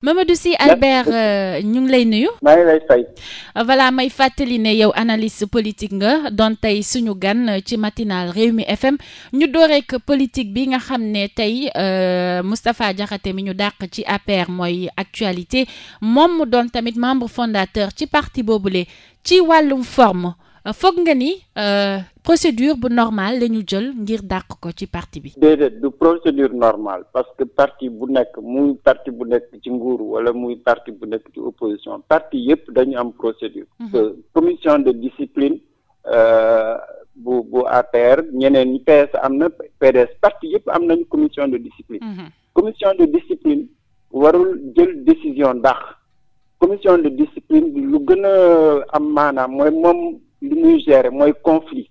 Mamadou Sy Albert euh, ñu ngi lay nuyu. maa euh, may fàttali ne yow analyse politique nga doon tey suñu gan euh, ci matinal mi FM ñu dooreek politique bi nga xam ne tey Moustapha Diakhaté mi ñu dàq ci APR mooy actualité moom mu doon tamit membre fondateur ci parti boobule ci wàllum forme foog nga ni procédure bu normal la ñu jël ngir dàq ko ci parti bi. déedéet du procédure normale parce que parti bu nekk muy parti bu nekk ci nguur wala muy parti bu nekk ci opposition parti yépp dañu am procédure. Mhm. Euh, commission de discipline. Euh, bu bu APR ñeneen ñi PS am na PDS parti yëpp am nañu commission de discipline. Mhm. commission de discipline warul jël décision ndax commission de discipline lu gën a am maanaam moom li muy gérer mooy conflit.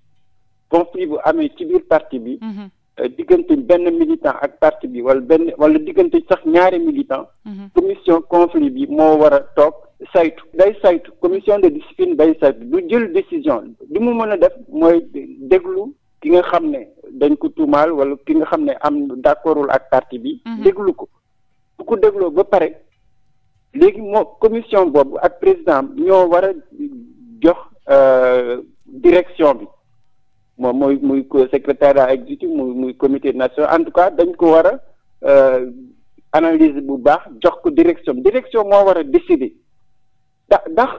conflit bu amee ci biir parti bi. Mhm. Euh, diggante benn militant ak parti bi wala benn wala diggante sax ñaari militant. Mhm. commission conflit bi moo war a toog saytu. day saytu commission de discipline day saytu du jël décision li mu mën a def mooy déglu ki nga xam ne dañ ko tuumaal wala ki nga xam ne am d'accordul ak parti bi. Mhm. déglu ko bu ko dégloo ba pare léegi moo commission boobu ak président ñoo war a jox euh, direction bi. moom mooy muy secrétaire exécutif muy muy commité national en tout cas dañ ko war a euh, analyse bu baax jox ko direction direction moo war a décider da dax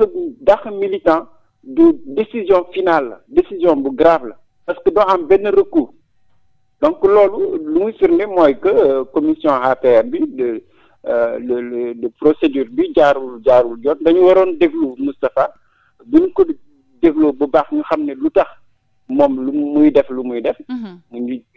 dax militant du décision final la décision bu grave la parce que doo am benn recours donc loolu lu muy firnde mooy que euh, commission APR bi de euh, le de procédure bi jaarul jaarul jot dañu waroon déglu Moustapha buñ ko dégloo bu baax ñu xam ne lu tax moom lu muy def lu muy def. Mm-hmm.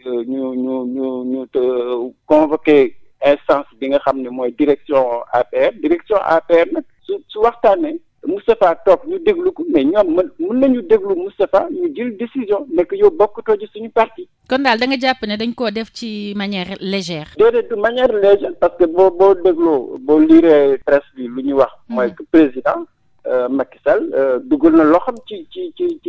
Euh, ñu ñu ñu ñu ñu convoqué instance bi nga xam ne mooy direction APR direction APR nag su su waxtaanee Moustapha toog ñu déglu ko mais ñoom mën mën nañu déglu Moustapha ñu jël décision nekk yow bokkutoo ci suñu parti. kon daal da jàpp ne dañ koo def ci manière légère. déedéet du manière légère parce que boo boo dégloo boo liiree presse bi lu ñuy wax. mooy mm-hmm. que président euh, Macky Sall euh, dugal na loo xam ci ci ci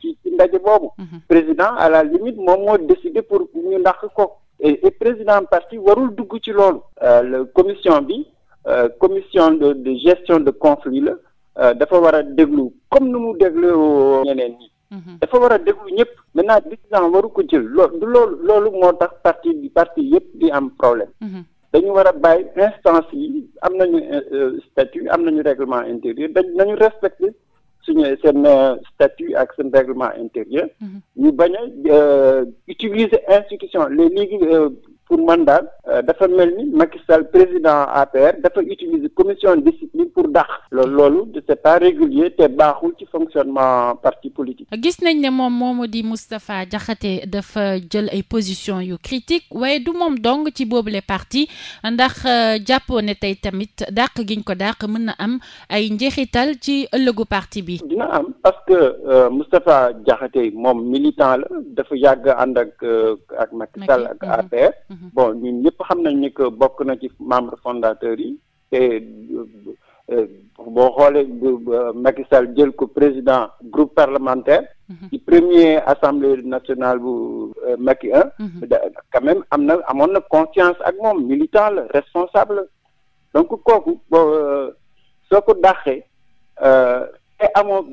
ci. ndaje boobu. Mhm. président à la limite moom moo décidé pour ñu ndax ko et président parti warul dugg ci loolu. Euh, la commission bi euh, commission de de gestion de conflit la euh, dafa war a déglu comme nu mu dégloo ñeneen ñi. Mhm. dafa war a déglu ñëpp. maintenant président waru ko jël loo du loolu loolu moo tax parti bi parti yëpp di am problème. Mhm. dañu war a bàyyi instance yi am nañu statut am nañu règlement intérieur dañ nañu respecté. signé seen euh, statut ak seen règlement intérieur mm-hmm. ñu bañ a euh, utiliser institution les ligues euh, pour man daal euh, dafa mel ni Macky Sall président APR dafa utiliser commission discipline pour dàq loolu loolu c'est pas régulier te baaxul ci fonctionnement parti politique. gis nañ ne moom moomu di Moustapha Diakhaté dafa jël ay position yu critique waaye du moom dong ci boobule parti ndax euh, jàppoo ne tey tamit dàq giñ ko dàq mën na am ay njeexital ci ëllëgu parti bi. dina am. parce que euh, Moustapha Diakhaté moom militant la dafa yàgg ànd ak euh, ak ak mhm. APR mhm. bon ñun ñëpp xam nañ ni bokk na ci membre fondateur yi te euh, boo xoolee Macky jël ko président groupe parlementaire mhm. ci premier assemblée nationale bu Macky 1 quand am na amoon na conscience ak moom militant la responsable donc kooku soo ko dàqee te amoo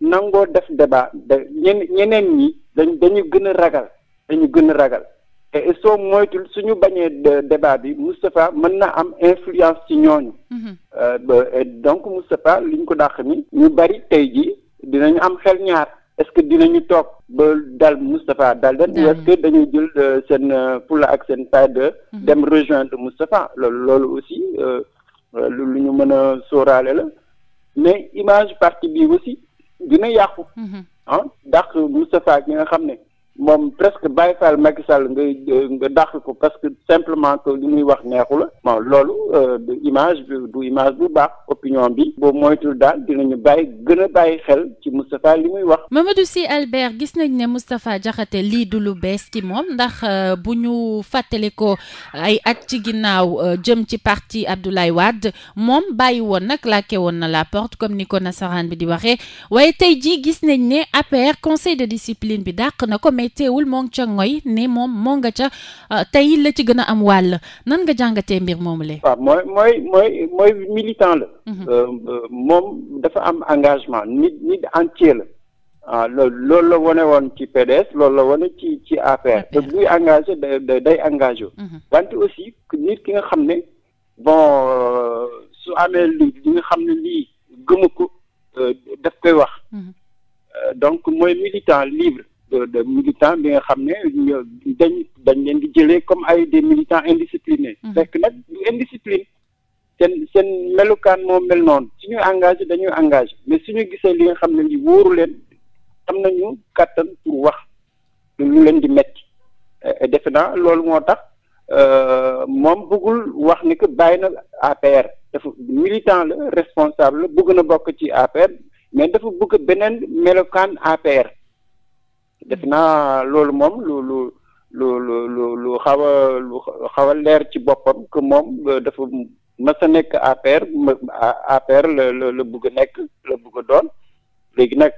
nangoo def débat de ñen ñeneen ñi dañ dañu gën a ragal dañu gën a ragal te soo moytul suñu bañee débat bi Moustapha mën na am influence ci ñooñu mhm. euh, donc Moustapha liñ ko dàq ni ñu bari tey ji dinañu am xel ñaar est-ce que dinañu toog ba dal Moustapha dal den est dañuy jël euh, seen euh, pula ak seen pade mhm. dem rejoindre Moustapha loolu loolu aussi lu ñu mën a sóoraale la mais image parti bi aussi dina yàqu. Mm-hmm. ah ndax Moustapha gi nga xam ne moom presque Baye Fall Macky Sall ngay nga dàq ko parce que simplement que li muy wax neexu la bon loolu euh, du image du image bu baax opinion bi boo moytul daal dinañu bàyyi gën a bàyyi xel ci Moustapha li muy wax. Mamadou si Albert gis nañ ne Moustapha Diakhaté lii du lu bees ci moom ndax euh, bu ñu fàttale ko ay at ci ginnaaw euh, jëm ci parti Abdoulaye Wade moom bàyyi woon nag lakke woon na la porte comme ni ko nasaraan bi di waxee waaye tey jii gis nañ ne APR conseil mais teewul moo ngi ca ngoy ne moom moo nga ca euh, tey la ci gën a am wàll nan nga jàngatee mbir moomu le waaw mooy mooy mooy mooy militant la. Mhm. Euh, euh, moom dafa am engagement nit nit entier la. ah loolu la wane woon ci PDS loolu la wane ci ci APR te buy engagé day day mhm. wante aussi nit ki nga xam ne bon su amee li li nga xam ne lii gëma daf koy wax mhm. donc mooy militant libre de de militants bi nga xam ne dañ dañ leen di jëlee comme ay des militants indisciplinés. fekk nag du indiscipline seen seen melokaan moo mel noonu suñu engagé dañuy engagé mais suñu gisee li nga xam ne li wóoru leen am nañu kàttan pour wax lu leen di metti eh, defe naa loolu moo tax euh, moom bëggul wax ni que bàyyi na APR dafa militant la responsable la bëgg na bokk ci APR mais dafa bëgg beneen melokaan APR def naa loolu moom lu lu lu lu lu xaw a lu xaw a leer ci boppam que moom euh, defu mës a nekk APR APR la la la a nekk la bëgg a doon léegi nag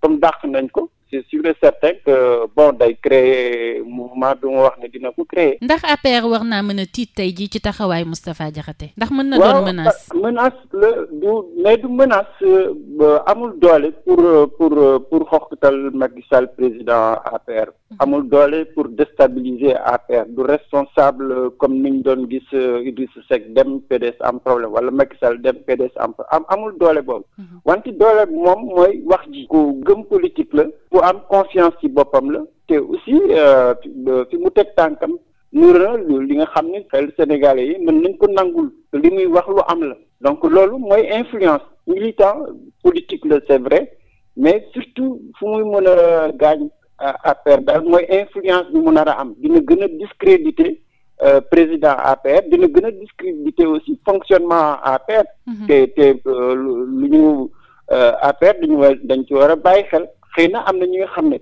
comme dàq nañ ko c'est sûr et certain que bon day créer mouvement bi mu wax ne dina ko créer. ndax APR war naa mën a tiit tey jii ci taxawaay Moustapha Diakhaté. ndax mën na doon menace waaw ah, menace la du mais du menace euh, amul doole pour euh, pour euh, pour xoqatal Macky Sall président APR. Mm-hmm. amul doole pour déstabiliser APR du responsable comme ni ñu doon gis Idrissa Seck dem PDS am problème wala Macky Sall dem PDS am amul doole boobu. Mm-hmm. wante doole moom mooy wax ji. ku gëm politique la. ku am confiance ci boppam la te aussi euh, fi mu teg tànkam nuur la li nga xam ne xel sénégalais yi mën nañ ko nangul li muy wax lu am la donc loolu mooy influence militant politique la c'est vrai mais surtout fu muy mën a gaañ APR daal mooy influence bi mu nar a am dina gën a discréditer euh, président APR dina gën a discréditer aussi fonctionnement APR. Mm-hmm. te te euh, lu ñu APR dañu dañ ci war bàyyi xel. xëy na am na ñi nga xam ne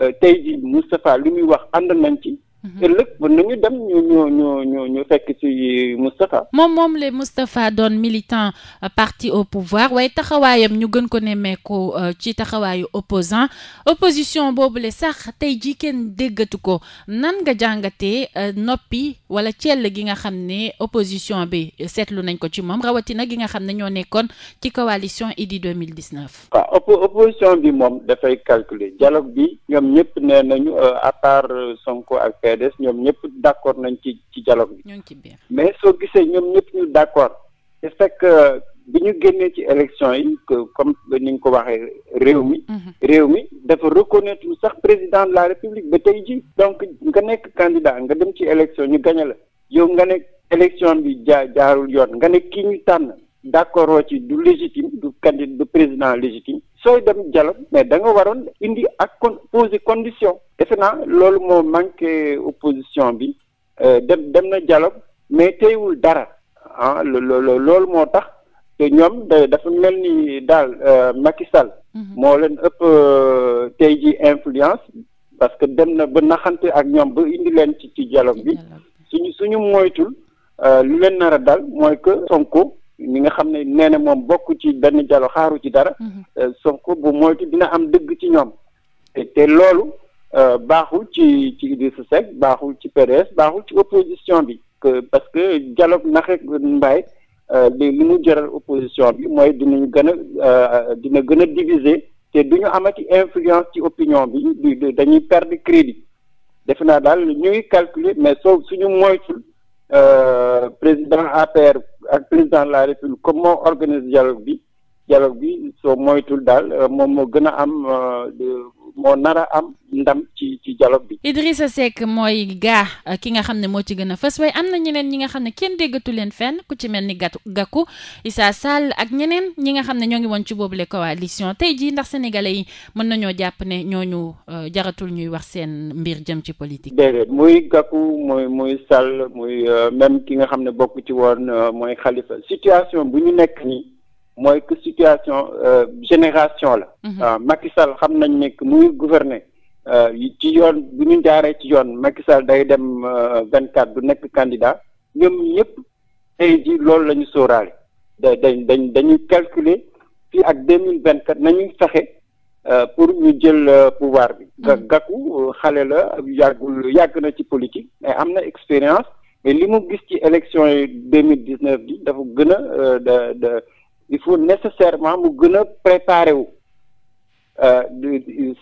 euh, tey jii Moustapha li muy wax ànd nañ ci ëllëg mën nañu dem ñu ñu ñu ñu ñu fekk ci Moustapha. moom moom la Moustapha doon militant euh, parti au pouvoir waaye taxawaayam ñu gën ko nemmeeku euh, ci taxawaayu opposant boobu boobule sax tey jii kenn déggatu ko nan nga jàngatee euh, noppi wala cell gi nga xam ne opposition bi seetlu nañ ko ci moom rawatina gi nga xam ne ñoo nekkoon ci coalition Idy 2019. waaw ah, opposition bi moom dafay calculer dialogue bi ñoom ñëpp nee nañu à Sonko ak PDS ñoom ñëpp d' accord nañ ci ci dialogue bi mais soo gisee ñoom ñëpp ñu d' accord te fekk bi ñu génnee ci élection yi comme ni nga ko waxee réew mi mhm. réew mi dafa reconnaître sax président de la république ba tey ji donc nga nekk candidat nga dem ci élection ñu gañe la yow nga nekk élection bi jaa jaarul yoon nga ne kii ñu tànn d'accord ci du légitime du candidat du président légitime sooy dem dialogue mais da nga waroon indi ak con poser condition defe naa loolu moo manqué opposition bi euh, dem dem na dialogue mais teywul dara ah loolu moo tax te ñoom dafa mel ni daal euh, Macky Sall mhm. moo leen ëpp euh, tey ji influence parce que dem na ba naxante ak ñoom ba indi leen ci ci dialogue bi suñu suñu moytul li leen nar a dal mooy que Sonko mi nga xam ne nee na moom bokk ci benn jalo xaaru ci dara mhm. euh, Sonko bu moytu dina am dëgg ci ñoom te loolu euh, baaxul ci ci Idrissa Seck baaxul ci PDS baaxul ci opposition bi parce que jaloog dialogue naxe mbaay euh, li li mu jëral opposition bi mooy dinañ gën a dina gën a diviser te du ñu amati influence ci opinion bi dañuy perdre crédit defe naa daal ñu calculer mais soo suñu moytul Euh, président APR ak président la République comme moo organise dialogue bi dialogue bi soo moytul daal euh, moom moo gën a am euh, moo nar am ndam ci ci dialogue bi. Idrissa Seck mooy gaa euh, ki nga xam ne moo ci gën a fës waaye am na ñeneen ñi nga xam ne kenn déggatu leen fenn ku ci mel ni gàtt i sa Sall ak ñeneen ñi nga xam ne ñoo ngi woon ci boobule coalition tey jii ndax sénégalais yi mën nañoo jàpp ne ñoo ñu euh, jaratul ñuy wax seen mbir jëm ci politique. déedéet muy gàkku muy muy Sall muy euh, même ki nga xam ne bokk ci woon mooy Khalifa situation bu ñu nekk nii. mooy que situation euh, génération la. Mhm. ah xam nañ ne que muy gouverner euh, ci yoon bu ñu jaaree ci yoon Macky Sall day dem euh, vingt quatre du nekk candidat ñoom ñëpp tey ji loolu lañu ñu sóoraale da dañ dañ dañuy calculer fii ak deux mille vingt quatre nañuy fexe pour ñu jël pouvoir bi. Mhm. Gakou xale la yàggul yàgg na ci politique mais am na expérience mais li mu gis ci élection yi deux mille dix neuf bi dafa gën a da da. il faut nécessairement mu gën a préparer wu euh,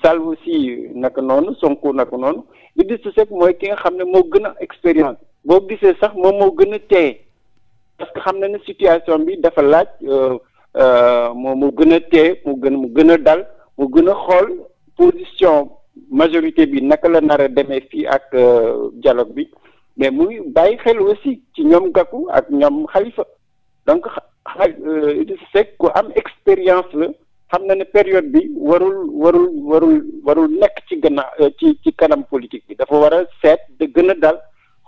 Sall si naka noonu Sonko naka noonu Idrissa Seck mooy ki nga xam ne moo gën a expérience boo gisee sax moom moo gën a téye parce que xam na ne situation bi dafa laaj euh, euh, moo mu gën a téye mu gën mu gën a dal mu gën a xool position majorité bi naka la nar a demee fii ak dialogue bi mais muy bàyyi xel aussi ci ñoom Gakou ak ñoom xalifa donc xaj euh, Idrissa Seck ku am expérience la xam na ne période bi warul warul warul warul nekk ci gannaaw euh, ci ci kanam politique bi dafa war a seet da gën a dal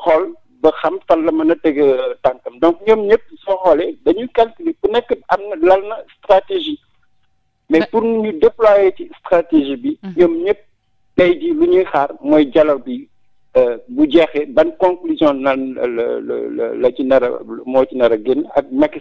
xool ba xam fan la mën a teg euh, tànkam donc ñoom ñëpp soo xoolee dañuy calculer ku nekk am na lal na stratégie mais pour ñu déployer ci stratégie bi mhm. ñoom ñëpp tey ji lu ñuy xaar mooy dialogue bi bu jeexee ban conclusion nan la la la ci nar a moo ci nar a génn ak Macky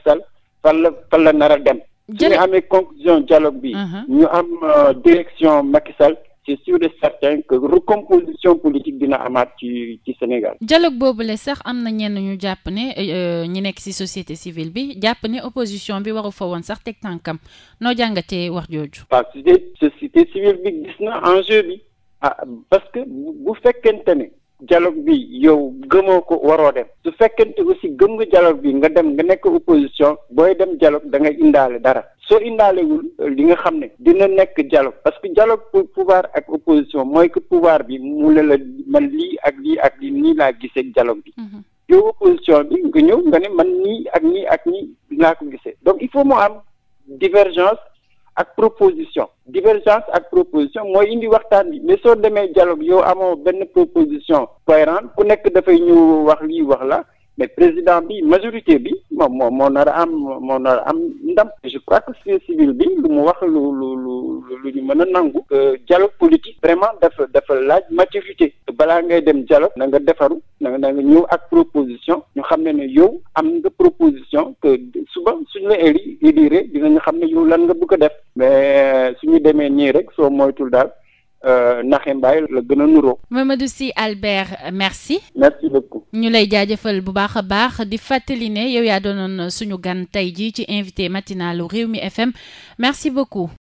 fan la fan la nar a dem. su ñu amee conclusion dialogue bi. Uh-huh. ñu am euh, direction Macky Sall c'est sûr et certain que recomposition politique dina amaat ci ci Sénégal. dialogue boobule sax am na ñenn ñu jàpp ne euh, euh, ñi nekk ci société civile bi jàpp ne opposition bi waru fa woon sax teg tànkam noo jàngatee wax jooju. parce que société civile bi gis na enjeu bi ah parce que bu fekkente ni dialogue bi yow gëmoo ko waroo dem. fekkente aussi gëm nga dialogue bi nga dem nga nekk opposition booy dem dialogue da nga indaale dara soo indaalewul euh, li nga xam ne dina nekk dialogue parce que dialogue pouvoir ak opposition mooy que pouvoir bi mu ne la man lii ak lii ak lii nii laa gisee dialogue bi mhm. yow opposition bi nga ñëw nga ne man nii ak nii ak nii laa ko gisee donc il faut mu am divergence ak proposition divergence ak proposition mooy indi waxtaan bi mais soo demee dialogue yow amoo benn proposition cohérente ku nekk dafay mais président bi majorité bi moom moo moo nar a am moo nar am ndam je crois que société civile bi lu mu wax lu lu lu lu ñu mën a nangu dialogue politique vraiment dafa dafa laaj maturité balaa ngay dem dialogue na nga defaru nanga nga nga ñëw ak proposition ñu xam ne ne yow am nga proposition que suba suñu la éli élire ñu xam ne yow lan nga bëgg a def mais su ñu demee nii rek soo moytul daal Euh, Naxe Mbaye la gën nuroo. Mamadou Sy Albert merci. merci beaucoup. ñu lay jaajëfal bu baax a baax di fàttali ne yow yaa doonoon suñu gan tey jii ci invité réew mi FM merci beaucoup.